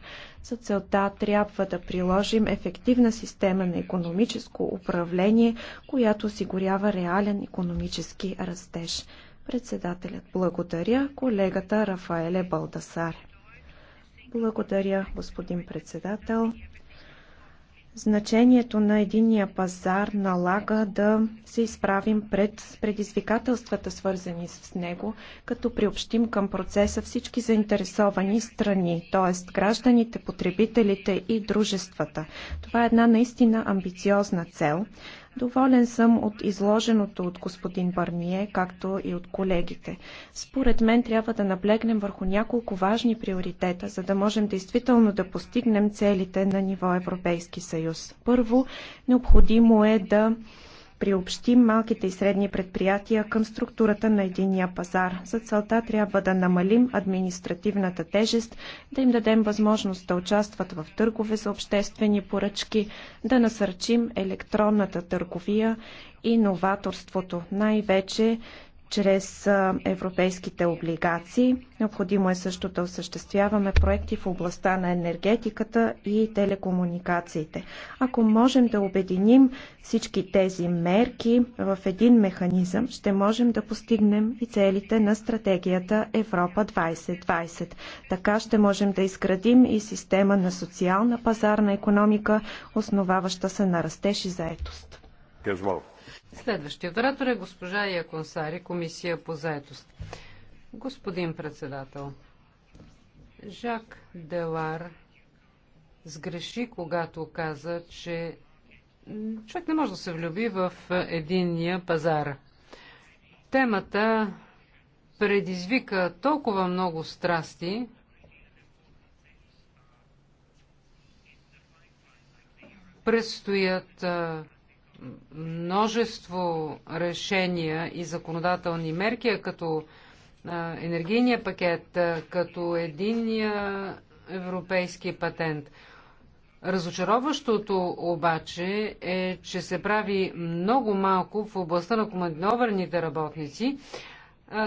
За целта трябва да приложим ефективна система на економическо управление, която осигурява реален економически растеж. Председателят благодаря колегата Рафаеле Балдасар. Благодаря, господин председател. Значението на единния пазар налага да се изправим пред предизвикателствата, свързани с него, като приобщим към процеса всички заинтересовани страни, т.е. гражданите, потребителите и дружествата. Това е една наистина амбициозна цел, Доволен съм от изложеното от господин Барние, както и от колегите. Според мен трябва да наблегнем върху няколко важни приоритета, за да можем действително да постигнем целите на ниво Европейски съюз. Първо, необходимо е да приобщим малките и средни предприятия към структурата на единния пазар. За целта трябва да намалим административната тежест, да им дадем възможност да участват в търгове за обществени поръчки, да насърчим електронната търговия и новаторството, най-вече чрез европейските облигации. Необходимо е също да осъществяваме проекти в областта на енергетиката и телекомуникациите. Ако можем да обединим всички тези мерки в един механизъм, ще можем да постигнем и целите на стратегията Европа 2020. Така ще можем да изградим и система на социална пазарна економика, основаваща се на растеж и заетост. Yes, Следващият оратор е госпожа Яконсари, Комисия по заетост. Господин председател, Жак Делар сгреши, когато каза, че човек не може да се влюби в единния пазар. Темата предизвика толкова много страсти, предстоят множество решения и законодателни мерки, като енергийния пакет, като единния европейски патент. Разочароващото обаче е, че се прави много малко в областта на команднованите работници,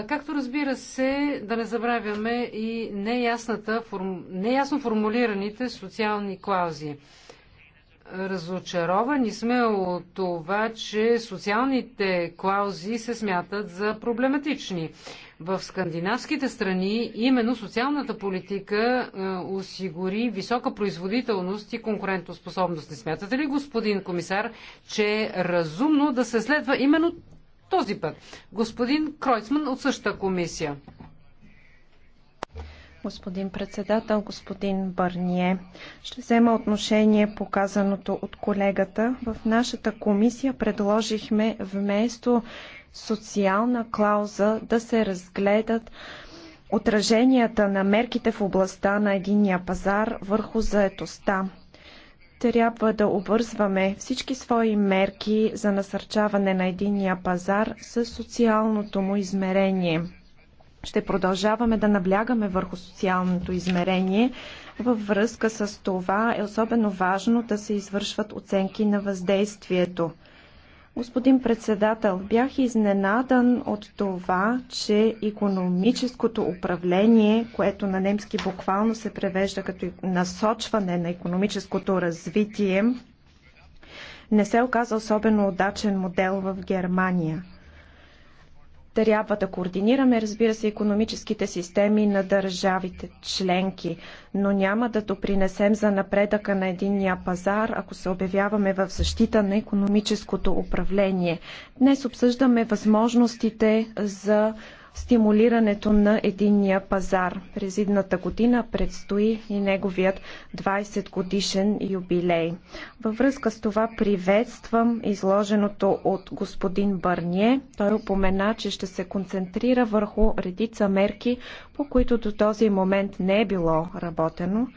както разбира се, да не забравяме и неясната, неясно формулираните социални клаузи. Разочаровани сме от това, че социалните клаузи се смятат за проблематични. В скандинавските страни именно социалната политика е, осигури висока производителност и конкурентоспособност. Не смятате ли, господин комисар, че е разумно да се следва именно този път? Господин Кройцман от същата комисия. Господин председател, господин Барние, ще взема отношение по казаното от колегата. В нашата комисия предложихме вместо социална клауза да се разгледат отраженията на мерките в областта на единния пазар върху заетостта. Трябва да обвързваме всички свои мерки за насърчаване на единния пазар с социалното му измерение – ще продължаваме да наблягаме върху социалното измерение. Във връзка с това е особено важно да се извършват оценки на въздействието. Господин председател, бях изненадан от това, че економическото управление, което на немски буквално се превежда като насочване на економическото развитие, не се оказа особено удачен модел в Германия. Трябва да координираме, разбира се, економическите системи на държавите членки, но няма да допринесем за напредъка на единния пазар, ако се обявяваме в защита на економическото управление. Днес обсъждаме възможностите за стимулирането на единния пазар. През идната година предстои и неговият 20 годишен юбилей. Във връзка с това приветствам изложеното от господин Барние. Той упомена, че ще се концентрира върху редица мерки, по които до този момент не е било работено,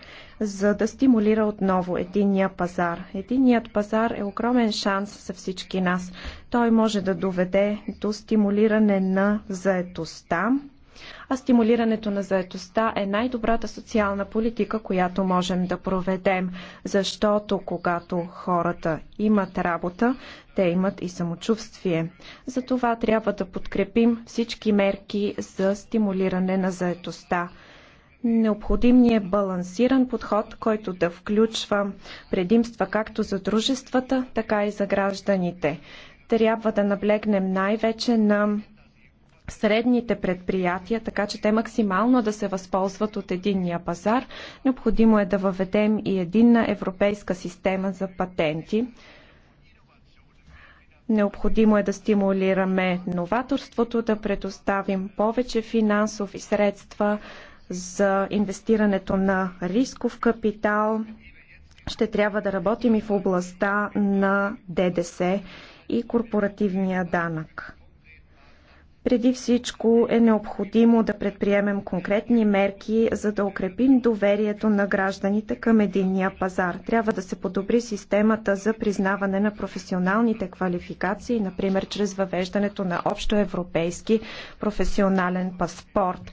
за да стимулира отново единния пазар. Единният пазар е огромен шанс за всички нас. Той може да доведе до стимулиране на заетостта, а стимулирането на заетостта е най-добрата социална политика, която можем да проведем, защото когато хората имат работа, те имат и самочувствие. Затова трябва да подкрепим всички мерки за стимулиране на заетостта. Необходим ни е балансиран подход, който да включва предимства както за дружествата, така и за гражданите. Трябва да наблегнем най-вече на средните предприятия, така че те максимално да се възползват от единния пазар. Необходимо е да въведем и единна европейска система за патенти. Необходимо е да стимулираме новаторството, да предоставим повече финансови средства за инвестирането на рисков капитал. Ще трябва да работим и в областта на ДДС и корпоративния данък. Преди всичко е необходимо да предприемем конкретни мерки, за да укрепим доверието на гражданите към единния пазар. Трябва да се подобри системата за признаване на професионалните квалификации, например чрез въвеждането на общоевропейски професионален паспорт.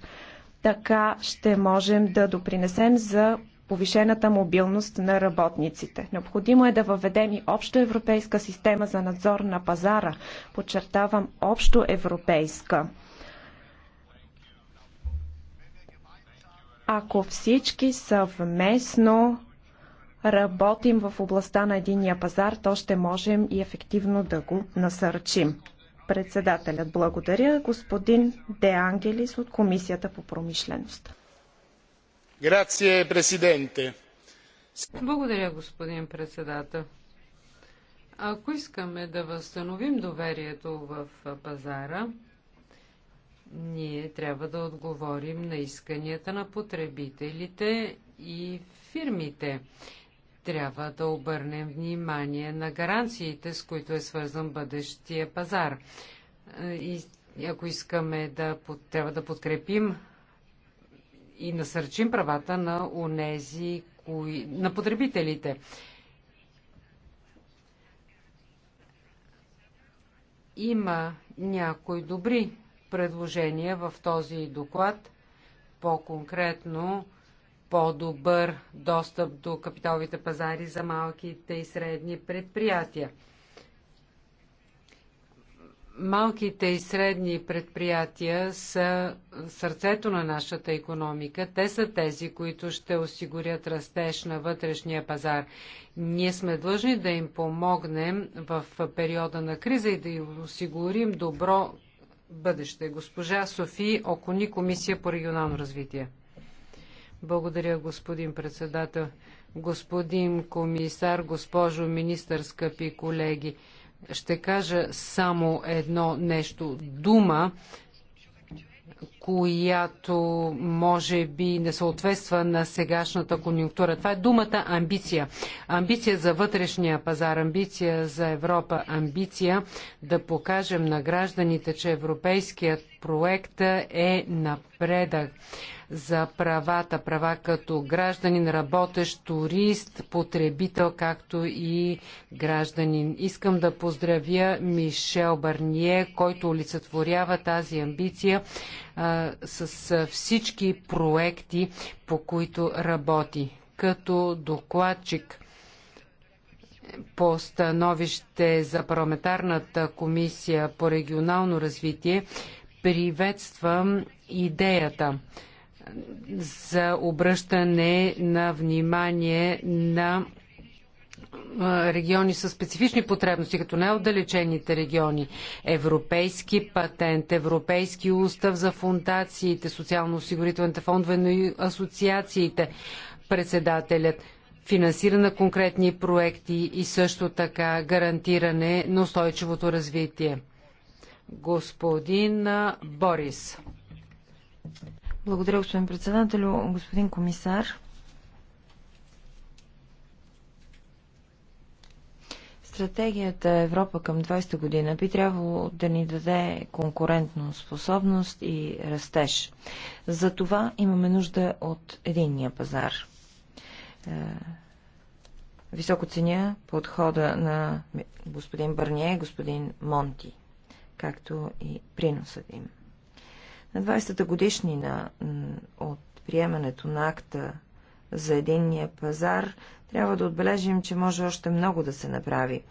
Така ще можем да допринесем за повишената мобилност на работниците. Необходимо е да въведем и общо европейска система за надзор на пазара. Подчертавам общо европейска. Ако всички съвместно работим в областта на единия пазар, то ще можем и ефективно да го насърчим. Председателят благодаря господин Де Ангелис от Комисията по промишленост президенте. Благодаря, господин председател. Ако искаме да възстановим доверието в пазара, ние трябва да отговорим на исканията на потребителите и фирмите. Трябва да обърнем внимание на гаранциите, с които е свързан бъдещия пазар. Е, и ако искаме да трябва да подкрепим и насърчим правата на унези, кои, на потребителите. Има някои добри предложения в този доклад, по-конкретно по-добър достъп до капиталовите пазари за малките и средни предприятия – Малките и средни предприятия са сърцето на нашата економика. Те са тези, които ще осигурят растеж на вътрешния пазар. Ние сме длъжни да им помогнем в периода на криза и да им осигурим добро бъдеще. Госпожа Софи Окони, Комисия по регионално развитие. Благодаря, господин председател, господин комисар, госпожо министър, скъпи колеги. Ще кажа само едно нещо. Дума, която може би не съответства на сегашната конюнктура. Това е думата амбиция. Амбиция за вътрешния пазар, амбиция за Европа, амбиция да покажем на гражданите, че европейският проект е напредък за правата, права като гражданин, работещ, турист, потребител, както и гражданин. Искам да поздравя Мишел Барние, който олицетворява тази амбиция а, с всички проекти, по които работи. Като докладчик по становище за парламентарната комисия по регионално развитие, приветствам идеята за обръщане на внимание на региони с специфични потребности, като най-отдалечените региони, европейски патент, европейски устав за фундациите, социално-осигурителните фондове, но и асоциациите, председателят, финансиране на конкретни проекти и също така гарантиране на устойчивото развитие. Господин Борис. Благодаря, господин председател, господин комисар. Стратегията Европа към 20-та година би трябвало да ни даде конкурентно способност и растеж. За това имаме нужда от единния пазар. Е, високо ценя подхода на господин Бърние и господин Монти, както и приносът им. На 20-та годишнина от приемането на акта за единния пазар трябва да отбележим, че може още много да се направи.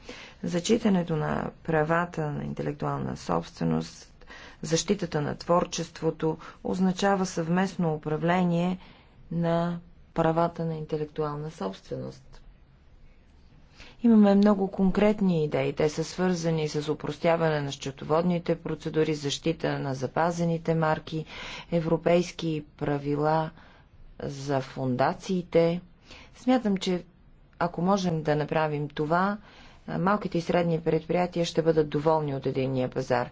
Зачитането на правата на интелектуална собственост, защитата на творчеството означава съвместно управление на правата на интелектуална собственост. Имаме много конкретни идеи. Те са свързани с упростяване на счетоводните процедури, защита на запазените марки, европейски правила за фундациите. Смятам, че ако можем да направим това, малките и средни предприятия ще бъдат доволни от единния пазар.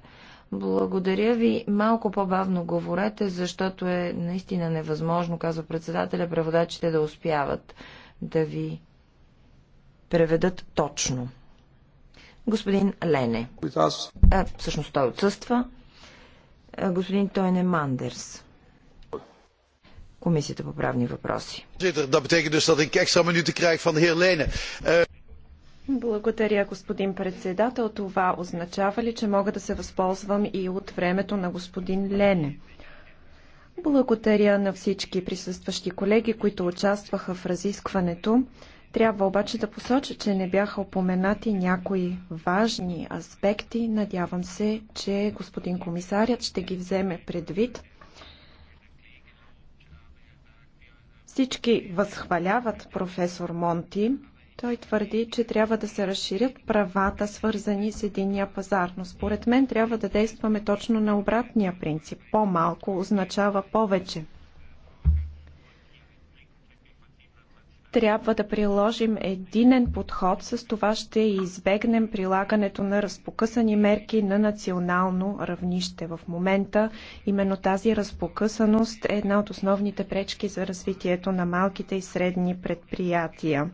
Благодаря ви. Малко по-бавно говорете, защото е наистина невъзможно, казва председателя, преводачите да успяват да ви преведат точно. Господин Лене. А, всъщност той отсъства. А, господин Тойне Мандерс. Комисията по правни въпроси. Благодаря, господин председател. Това означава ли, че мога да се възползвам и от времето на господин Лене? Благодаря на всички присъстващи колеги, които участваха в разискването. Трябва обаче да посоча, че не бяха упоменати някои важни аспекти. Надявам се, че господин комисарят ще ги вземе предвид. Всички възхваляват професор Монти. Той твърди, че трябва да се разширят правата, свързани с единния пазар, но според мен трябва да действаме точно на обратния принцип. По-малко означава повече. трябва да приложим единен подход. С това ще избегнем прилагането на разпокъсани мерки на национално равнище. В момента именно тази разпокъсаност е една от основните пречки за развитието на малките и средни предприятия.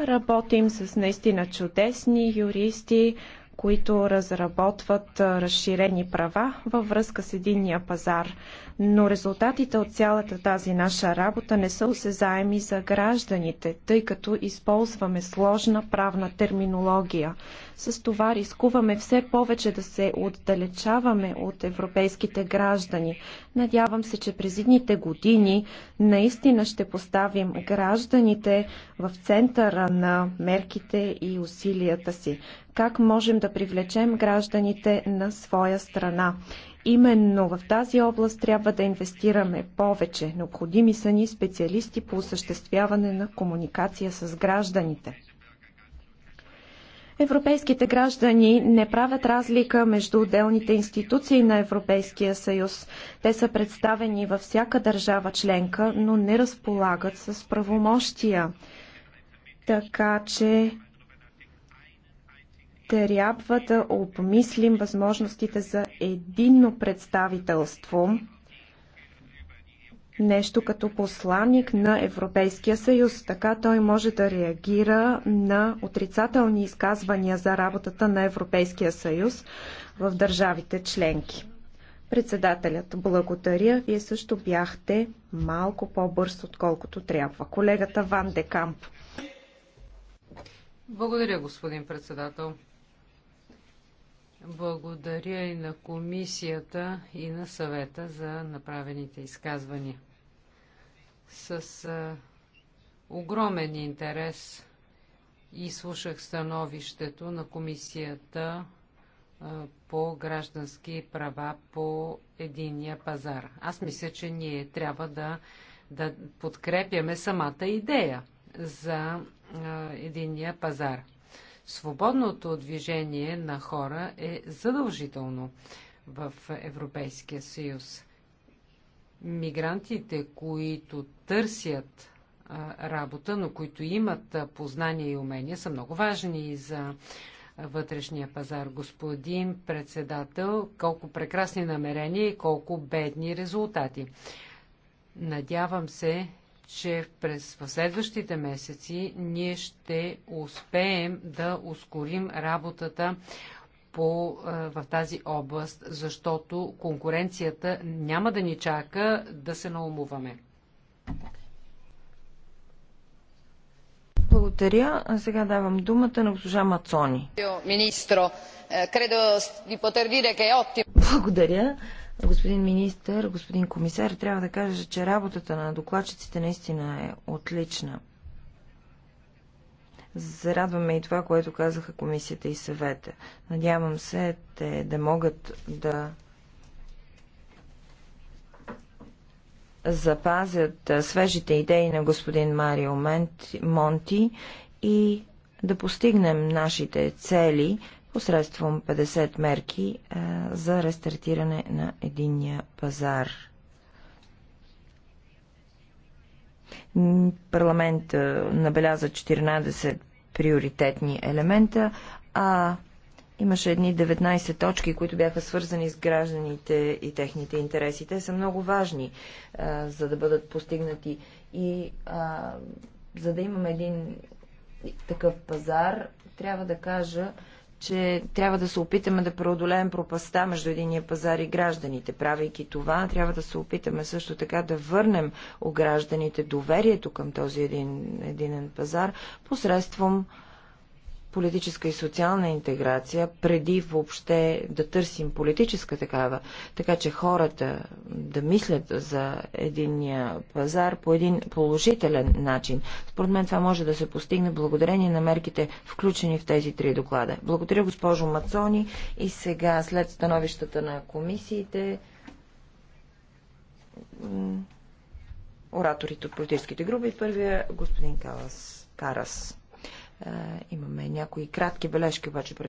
Работим с наистина чудесни юристи, които разработват разширени права във връзка с единния пазар. Но резултатите от цялата тази наша работа не са осезаеми за гражданите, тъй като използваме сложна правна терминология. С това рискуваме все повече да се отдалечаваме от европейските граждани. Надявам се, че през идните години наистина ще поставим гражданите в центъра на мерките и усилията си как можем да привлечем гражданите на своя страна. Именно в тази област трябва да инвестираме повече. Необходими са ни специалисти по осъществяване на комуникация с гражданите. Европейските граждани не правят разлика между отделните институции на Европейския съюз. Те са представени във всяка държава членка, но не разполагат с правомощия. Така че трябва да обмислим възможностите за единно представителство, нещо като посланник на Европейския съюз. Така той може да реагира на отрицателни изказвания за работата на Европейския съюз в държавите членки. Председателят, благодаря. Вие също бяхте малко по-бърз, отколкото трябва. Колегата Ван Декамп. Благодаря, господин председател. Благодаря и на комисията и на съвета за направените изказвания. С а, огромен интерес и слушах становището на комисията а, по граждански права по единия пазар. Аз мисля, че ние трябва да, да подкрепяме самата идея за а, единия пазар – свободното движение на хора е задължително в Европейския съюз. Мигрантите, които търсят работа, но които имат познания и умения, са много важни и за вътрешния пазар. Господин председател, колко прекрасни намерения и колко бедни резултати. Надявам се, че през последващите месеци ние ще успеем да ускорим работата по, в тази област, защото конкуренцията няма да ни чака да се наумуваме. Благодаря. А сега давам думата на госпожа Мацони. Е, е Благодаря. Господин министър, господин комисар, трябва да кажа, че работата на докладчиците наистина е отлична. Зарадваме и това, което казаха комисията и съвета. Надявам се те да могат да запазят свежите идеи на господин Марио Монти и да постигнем нашите цели посредством 50 мерки а, е, за рестартиране на единния пазар. Парламент а, е, набеляза 14 приоритетни елемента, а имаше едни 19 точки, които бяха свързани с гражданите и техните интереси. Те са много важни, а, е, за да бъдат постигнати и а, за да имаме един такъв пазар, трябва да кажа, че трябва да се опитаме да преодолеем пропаста между единия пазар и гражданите. Правейки това, трябва да се опитаме също така да върнем у гражданите доверието към този един, единен пазар посредством политическа и социална интеграция, преди въобще да търсим политическа такава, така че хората да мислят за единния пазар по един положителен начин. Според мен това може да се постигне благодарение на мерките, включени в тези три доклада. Благодаря, госпожо Мацони. И сега, след становищата на комисиите, ораторите от политическите групи. Първия е господин Калас, Карас. Е, имаме някои кратки бележки обаче